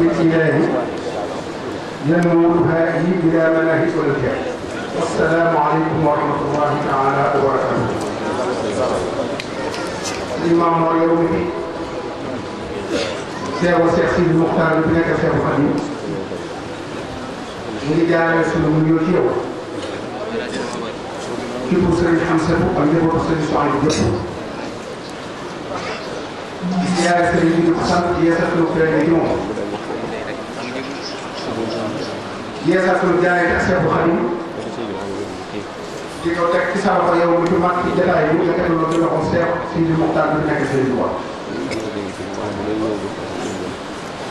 الاسم الالهي ينولها الى مناهج الجهل والسلام عليكم ورحمه الله تعالى وبركاته الامام اليومي سيرو شيخ سيدي المختار بن شيخ الخليل ñu ngi jaarale suñu mu ñëw ci yow ci pour sëriñ xam sa bopp ak njabootu sëriñ soxna bi yëpp di jaare sëriñ bi di ko sant di yeesal suñu kuréel ci moom yeesaatul jaayee ak Seexu Xadim di ko teg ci sa loxo yow mi fi mag ci jotaay bi nga teg loolu ci loxo Seex Sidi Muxtaar bi nekk Sëriñ Tuubaa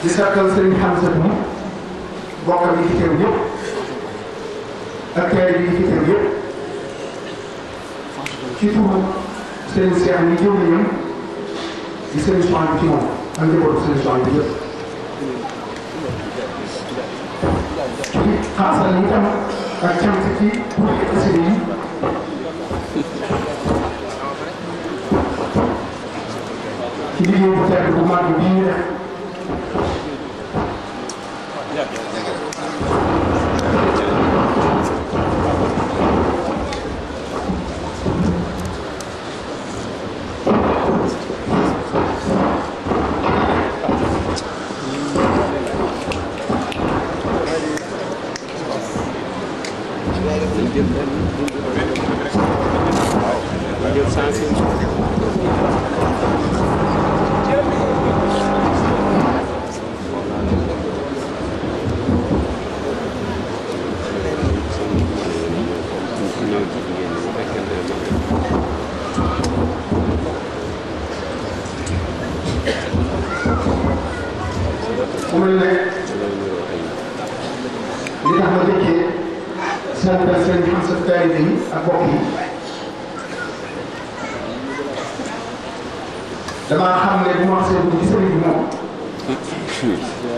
di sargal Sëriñ Xamsa bi bokkam yi ci teew yëpp ak teer yi ci teew yëpp ci turu Sëriñ Seex mi jëw nañu di Sëriñ Soxna bi ci moom ak njabootu Sëriñ Soxna bi yëpp faça ali tá a atividade aqui, porque você vem. Queria o técnico Mário Bia, mu mel ne li tax ma dëkkee seen seen xam sa taalibe yi ak bokk yi damaa xam ne bu ma xasee bu ci sëriñ bi moom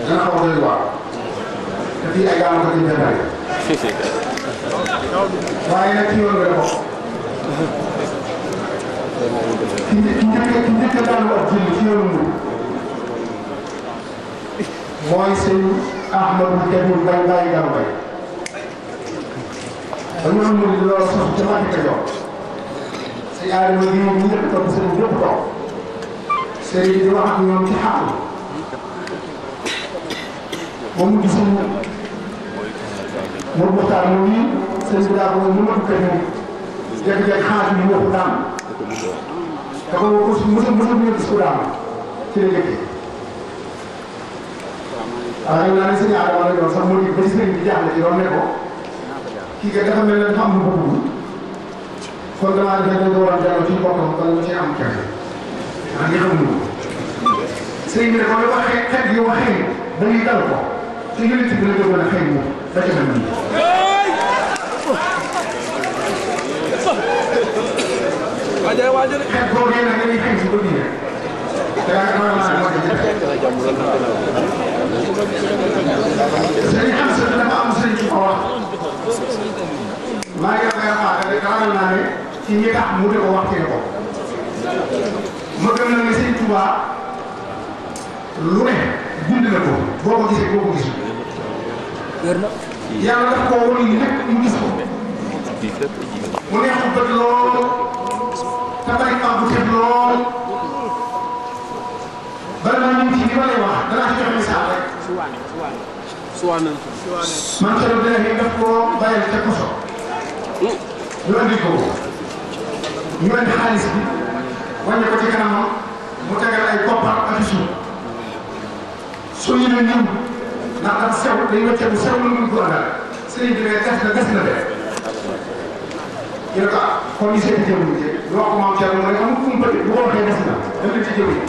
dana xaw a doy waar te fii ay gàllankoor yu bëri waaye nag ci yoon nga bokk ki njëkk a daan wax julli ci yoonu mooy sëñ Ahmadou Demul Bay Bay Gam Bay ba ñoom ñu di loolu sax ci màgg ka jox si aadama gi moom ñëpp topp sëñ ñëpp topp sëriñ di wax ak ñoom ci xaq ba mu gis mu muxtaar mu nii sëñ bi daa ko mu ma ko jékki-jékki xaalis bi mu waxu daanu da ko mos mos mos a mën a la njëkkee. waaw yow naa ne ko kii kat dafa mel ne dafa am lu bëgg ko war a delloo ci boppam bala nga cee am jafe maa ngi xam lu sëriñ bi ne kon dafa xeet xeet yow waajal waajal kooku yéen a ngi lay fii si commune bi. Sëriñ Amsa dafa am sëriñ bu ko wax. maa ngi koy waxaat rek ragal naa ne ci ñi tax mu ne ko waxtee ko. ma gëm na ne sëriñ Touba lu ne bind na ko boo ko gisee boo ko gisul. yàlla daf koo wóor yi nekk mu gis ko. mu neex ko bët lool. te bari am bu tëb lool bala maa ñu ci li ma lay wax danaa ci joxe misaal rek. man ca lu dee daf koo bàyyil ca koso. ñu andi ko ñu andi xaalis bi wàññi ko ci kanamam mu tegal ay koppar ak suuf soo yëlee ñëw ndax am sew dañu la tegu sew lu mu ko andal sëriñ bi ne gas na gas na de. yéen a ko ah comme li ma ko moom Thierno mooy amul fu mu bëgg bu ko waxee des na dem na ci jëw yi.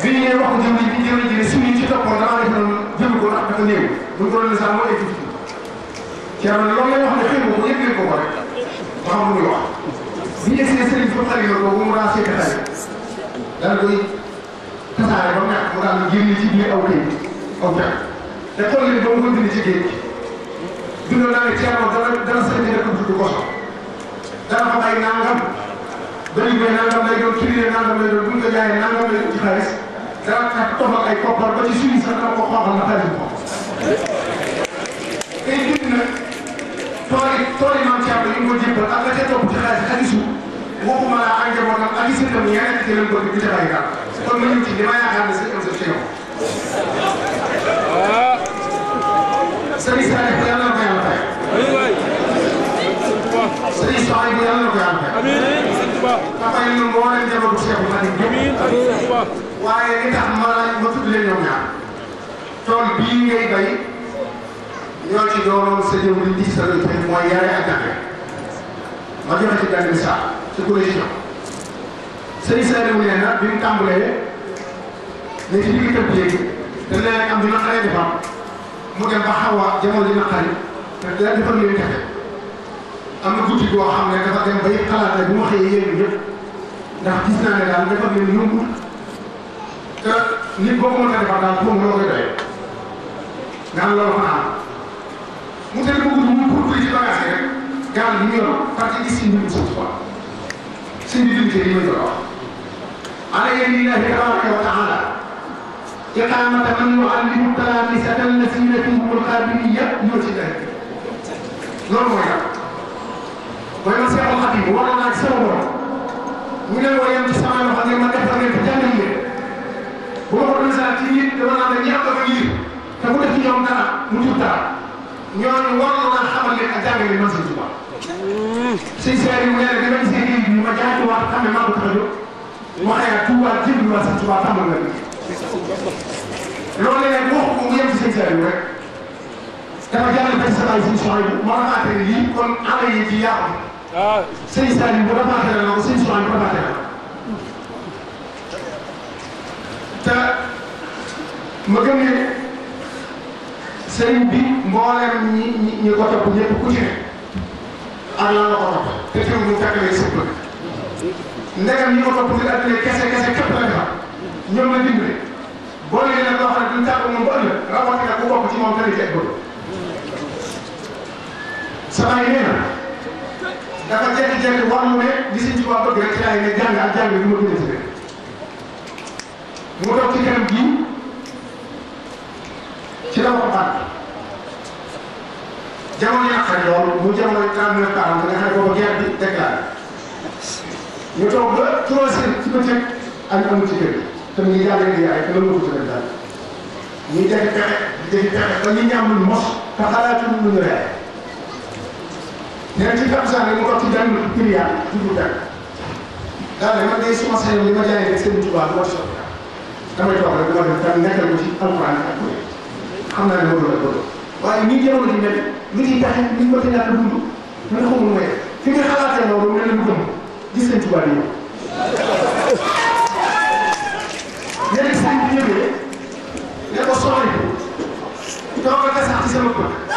bii ñu ne wax ko jëw yi bii jëw yi ne suñu ci toppoon damaa def noonu jënd ko ndax dafa néew bu ñu ko doon sax moo egg fii Thierno loolu lay wax ne xëy na ko yëg ko ko rek ba xam lu muy wax. bi ñu essayé sëriñ fa xale yoon boobu mu raa seeti xale daal koy tasaare ba mu nekk mu daal di génne ci biir aw kay aw jax te tool yi ba mu ko dindi ci géej gi. dina daal di Thierno dana dana sëriñ rek du ko xam. dana fa ay nangam bëri bee nangam lay doon kii nangam lay doon buñ ko jaayee nangam lay doon ci xaalis dana tax toxal ay koppar ba ci suñu sax dama ko xooxal na xaalis ko. tey jii nag tool yi tool yi maam Thiam dañu ko jébbal ak la ca topp ci xaalis ak i suuf waxuma laa ak njabootam ak i seen tam ñeneen ak yeneen góor bi du jaay daal kon ma ñu ci li ma yaakaar ne sëñ am sa ci yow. sëñ Saalif yàlla Serigne Saliou bi yàlla na ko yàlla def. amiin sëñ Touba. papa yi ñun moo leen demal bu Cheikh Malick Diop. amiin sëñ Touba. waaye li tax ma ma tudd leen ñoom ñaar. tool bii ngay bay ñoo ci doonoon sa jëw li di sa lëkkal mooy yare ak jafe. ma joxe ci benn misaal ci collégion. Serigne Saliou nee na bi mu tàmbalee ne ci digg tëb léegi te léeg-léeg am du naqaree defam mu dem ba xaw a jamono ji naqari te dina defar lu ñu jafe. am na guddi goo xam ne dafa dem ba yëpp xalaat ne bu ma xëyee yéen ñëpp ndax gis naa ne daal dafa mel yombul te nit boo ko mën a defar daal moom loo koy doy nga am loolu fanaan mu tëdd mu guddi mu pour ko ci bagage rek gaal bi ñu yor parce que gis nañu suuf quoi suñu diggante yi ma jot a wax. علي لله تبارك وتعالى إقامة من يعلم الثالثة التي نتيجته القابلية يؤتي ذلك. loolu mooy mooy Masihul Xadim waroon naa ci sama borom mu ne ma yem ci sama loxo ngir ma defal leen ko jàngal leen bu ma ko doon saa ci nit dama naan la ñàkk a liir te mu def ci ñoom dara mu jur dara ñooñu waroon naa xamal leen ak jàngal leen man seen tubaab. suñ seer yi mu ne la dama gisee lii bi ma jaay tubaab xam ne maa ko tax a jóg ma xëy na tubaab jënd waa seen tubaab tàmbal nga loolu nag wax ko mu yem ci suñ seer yi rek dafa jàllale benn sa bàyyi suñu soxla yi ma xamante ne lii kon ala yi ci yàqu waaw sëñ Saliou bu rabaate la ko sëñ Souane bu rabaate la te ma gëm ne sëriñ bi mboolem ñi ñi ñi ko topp ñëpp ku ci ne am la ko topp te teewul ñu fekk leen sëpp ndegam ñi ko topp ngir àddina kese kese képp la defar ñoom la dimbale boo leen nag loo xam ne duñ tàggu moom ba ëllëg rawatina ku bokk ci moom tamit ak bëgg sama yi nee na dafa jékki-jékki wax mu ne li si waa bëgg rek xëy na jàng ak jàng bi ma gën a jëlee mu toog ci kanam gii ci la ko bànn jamono yi naqari lool mu jamono yi 39 40 nga xam ne boobu guerre bi déclaré ñu toog ba 3 heures ci bëccëg añ amul ci kër te mu ngi jàllale di yaay te loolu ko ci daal ñu def pexe di def pexe ba ñu ñàmbul mos te xalaatul lu ñu reer nee ci gamsaan bi mu toog ci jàng prière toujours jàng daal man day suma sañoon li ma jaayee rek seen tubaab moo ci soxla damay toog rek moo def tam nekkal ko ci alquran ak kuréel xam naa ne loolu la loolu waaye nii jamono ji nekk li ci taxe li ñu ko ci ñàkk dund man xamul mooy fi nga xalaatee loolu mel na gëm gis seen tubaab yi léegi sëñ bi ñëwee ne ko soxla ko toog nga sax ci sama kër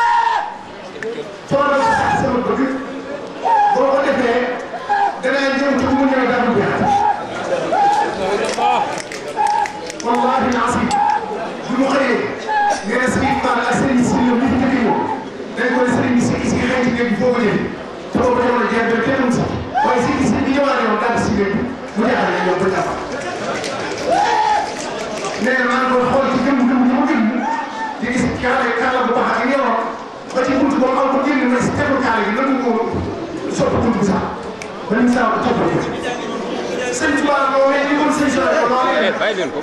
sëñ Tuba moo wéy ni comme sëñ Tuba moo bàyyi leen ko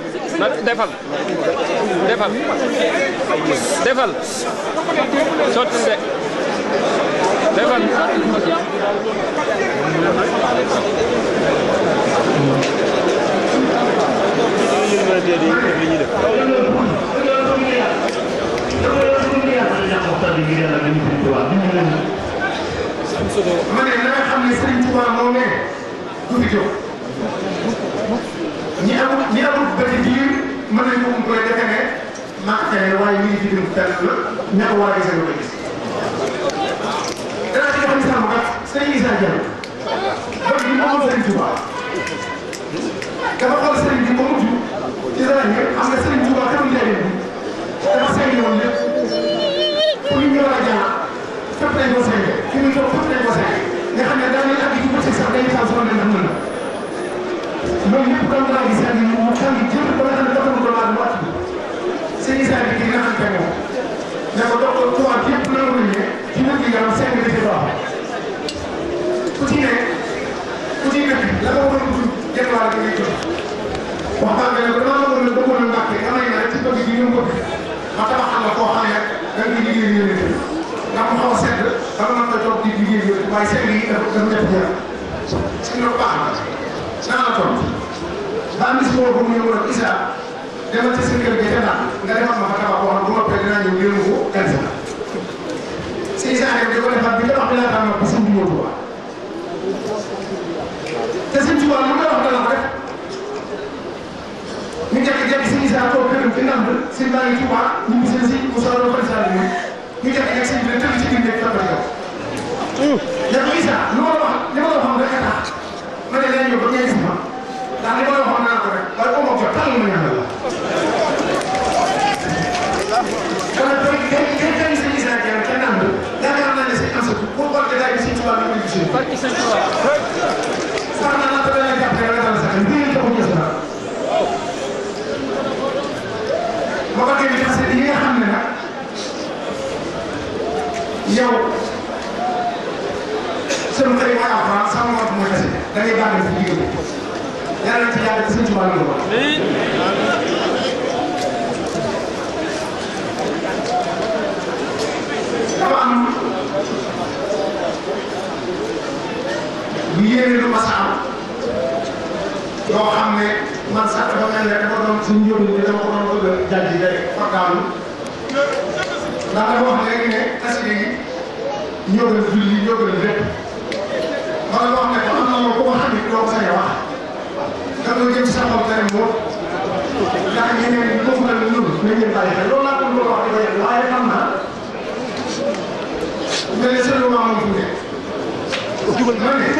defal defal defal sotti de defal li ñu mën a ma ne na nga xam ne Serigne Touba moo ne du fi jóg ñi amul ñi amul bëri diir mën nañu ko koy defe ne maa tene waaye ñu ngi fi dem tànn la ñàkk waa gis nga ko gis. danaa ci jox sàmm kat Serigne Issa Diallo bëri bi moom Serigne Touba dafa xool Serigne bi ba mu jub ci sa rajo am na Serigne Touba tam njëriñ bi dafa seetlu woon lépp pour ñu ñëwaat jàmm fépp lañ ko seet ñu toog foofu lañ wasee nga xam ne daanaka ak yu bëccëg sax day taw sama benn mën loolu yëpp kan laa gis daal di mu xam ne jël ba nga xam ne dafa ko laal wax sëñ Issa bi di naxante moom ne ko dox ko tuwaat yëpp loolu ne ci wér gi yaram seen bi dafa baax ku ci ne ku ci ne la ko war a dugg genn wàll ngay jot waxtaan bi ne ko damaa waroon ne bëggoon a mbàkke am na yeneen ci bëgg gi ñu bëgg ma tabaxal la koo xam ne da nga liggéey liggéey daa ma xaw a sedd dama naan koy toog di liggéey yooyu waaye sedd yi dafa dafa def yaram si loolu baax na naa la toog daa mis boo ko mu ñëw nag isa demal ci seen kër gi nga defal ma fa tabax boo xam bu ma pare dinaa ñëw yëngu ko gàncax si isa rek di ko defal bi tabax bi laa tax ma ba suñu ñëw quoi te suñ ci wàllu lu wax dana ko def ñu jekk jekk si isa toog këram fi ndàmb si mbaa ngi Tuubaa ñu ngi seen si mu soxla ko Il est à la xam ne dafa doon suñu njóob yi dama ko doon bëgg a jàjji rek fakkaanu ndax dama wax léegi ne xasida yi ñoo gën a julli ñoo gën a lépp man loo xam ne ko am na loolu ku ko xam it doo ko sañ a wax da nga jëm sa xol tere moom ndax ñeneen ñi foofu la ñu nañ leen bàyyi xel loolu laa doon bëgg a wax di ko yàq waaye xam naa nga ne seulement moom fu ne ma ne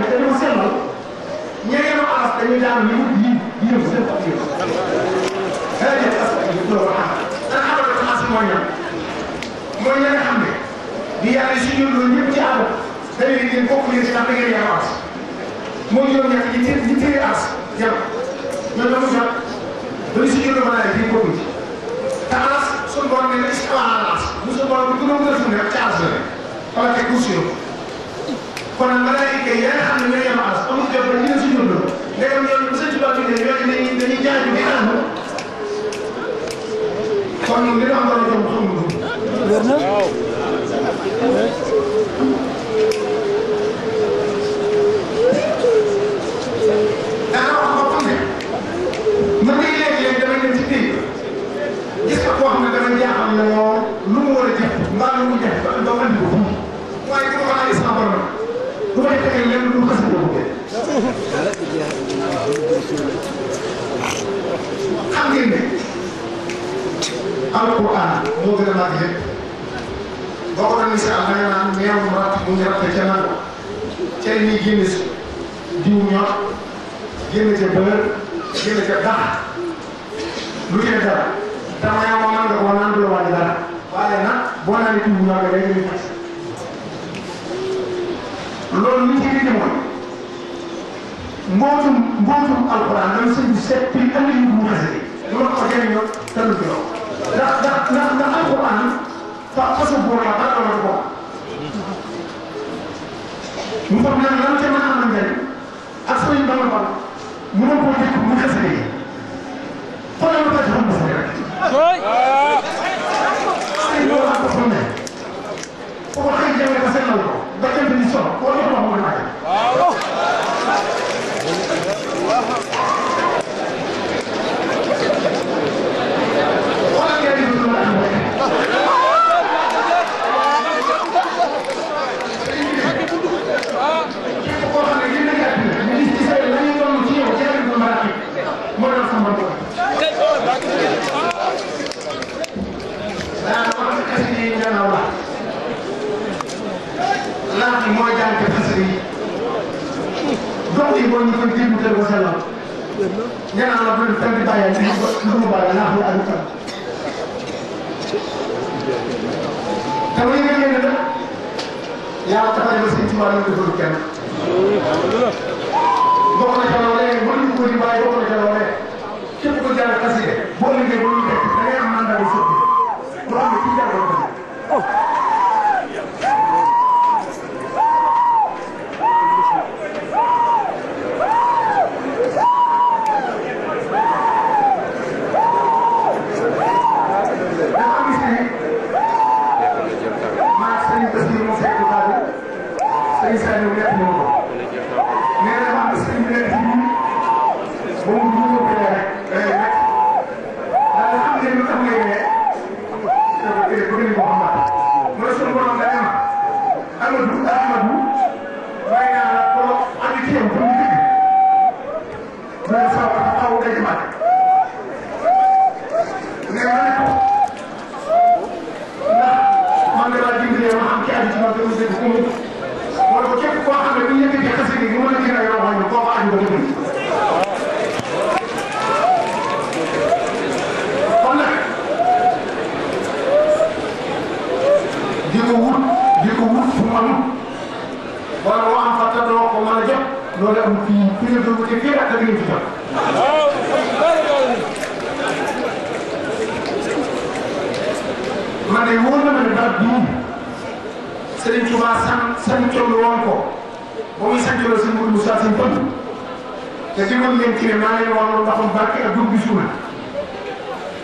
ñi dañoo seetlu ñeeneen aas dañuy daan ñu yi yëngu seen facture. xëy na parce que ñu tuddoo aas. Ah. dana xamal ne aas mooy ñan mooy ña nga xam ne di yàlla si ñun loolu ñëpp ci àll dañuy liggéey kooku yëngu ndax da ngeen yàq aas mooy ñoom ñax ñi ci ñi téye aas jàpp ñoom ñoo ko jàpp ba si ñun mën a yëg di bokku ci te aas suñu borom ne la ci aas bu suñu borom bi ku doon gën a suñu rek ci aas la rek wala teg ko kono malaika yaahanno weeyama as omo jabba ñin suñu ɗum ndeyam yoon ɗum sëñ tubaab ne yooyu ne ñin dañuy jaaju bi ànd kon li doon war a jom xamu wér alquran moo gën a màgg lépp boo ko doon misaal da nga naan meew mu ratt bu ñu ratt ca nangu cere ñuy génn si ñor génn ca bëër génn ca dax lu ci dara dama yaa moo man nga koo naan du dara waaye nag boo naan ne tuubu ñor nga day gën a fas loolu li mooy mbootum mbootum alquran dañ sëñ bi seet pil ëllëg yu bu mu xasee lu ma ko jëriñoo te lu ci ndax ndax ndax ndax alquran yi fa fasul boobu la ban amal ko. mu foog nag lan ca mën a amal njëriñ ak sëriñ ba nga mënoo koo dégg mu xasee xoolal ma ko joxoon bés rek. جيبوا وسلم يعني أنا أقول الفرد بايا نحن بايا نحن أنت تمرين لنا يا تفاجئ سيتي ما نقول كم بقول لك أنا ولا بقول لك أنا بايا بقول لك أنا ولا كيف بقول لك أنا كسيه بقول لك بقول لك أنا ما عندي سبب برامج كذا this kind h a get more. loolu am fii fii la doon liggéey ak ak yooyu jot. ma ne wóor na ma ne barab bii Serigne Touba san san toll woon ko ba muy sant loolu sëñ Mourou Moussa sëñ Fane te ci moom ngeen kii maa ngi leen waxoon ndaxum barke ak dugub bi suuna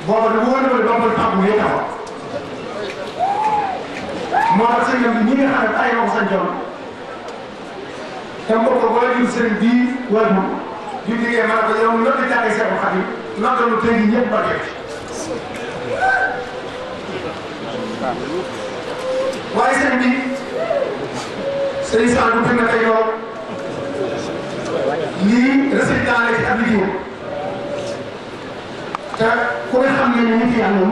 booba de wóor na ma ne doomal taxaw ngay taxaw moo tax sëñ bi ñi nga xam ne ay wax sëñ Touba تمو كبالي سن دي وادو جدي يا مالك يوم نبي تاعي سير خدي نقدر نتيجي نيب باجي واي سن دي سي سان دو فين كايو لي رسيت عليك ابيو تا كون خامني نيتي انو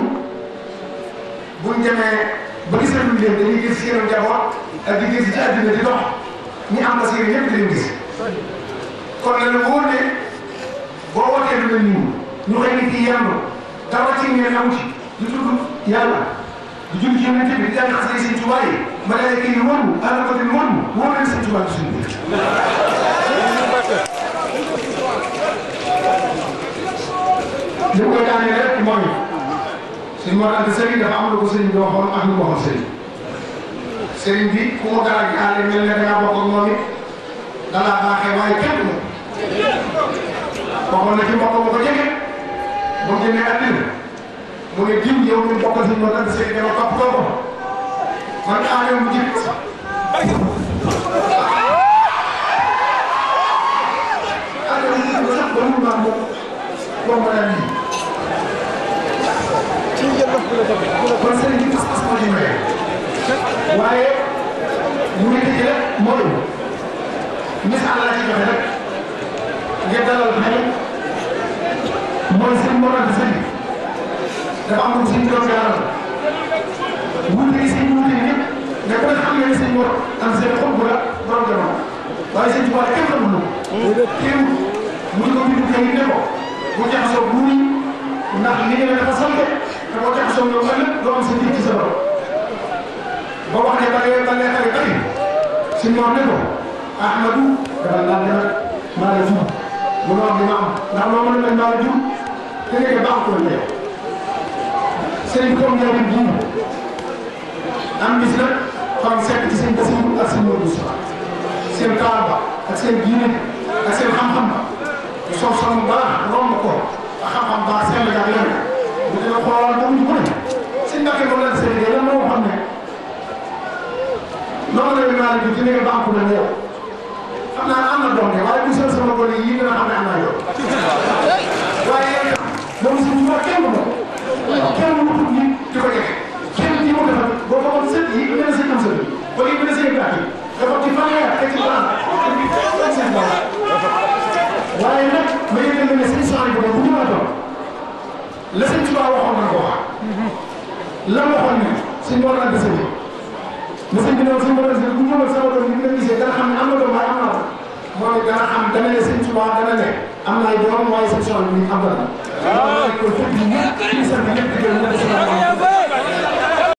بون جامي بغي سير دي دي سير جابو ادي دي سير دي دوخ ñi am na si yéen ñëpp dinañ gis kon nag wóor ne boo wootee lu mel nii ñu xëy na fii yàlla dara ci ngeen amu ci lu tudd yàlla di jëm ci yonent bi di jàng xasee seen tubaay yi malaaka yi wóor mu alal ko fi wóor mu wóor leen seen tubaay suñu biir. li koy daanee rek mooy suñu mor ante sëriñ dafa am lu ko sëriñ bi waxoon ak lu ko waxoon sëriñ sëriñ bi ku mu dara jaale mel ne dangaa bokk ak moom it danaa baaxee waaye kenn moom waxoon na mu génnee àddina mu jiw yow ñu bokk si ñoom ak sëriñ dama topp ko kon mu jit yow yow ëllëg doo am sa nit ci sa bopp ba wax ne ba lee ba lee xale bari si moom ne ko ahmadu dafa laal ne nag maa la jur mu noor bi ma am ndax loo mën a mel maa la jur te nekk baax ko ne sëriñ comme njëriñ bii am bis nag fan sekk ci seen basiru ak seen loolu seen taal ba ak seen diine ak seen xam-xam ba sof-sof bu baax romb ko xam-xam baax seen la yaa bu dina xoolal ba mu ko ne Mbacke moom lañ sëriñ yàlla moo xam ne noonu la ñu naan bi dinañ baaxul ak yow xam naa am na doom waaye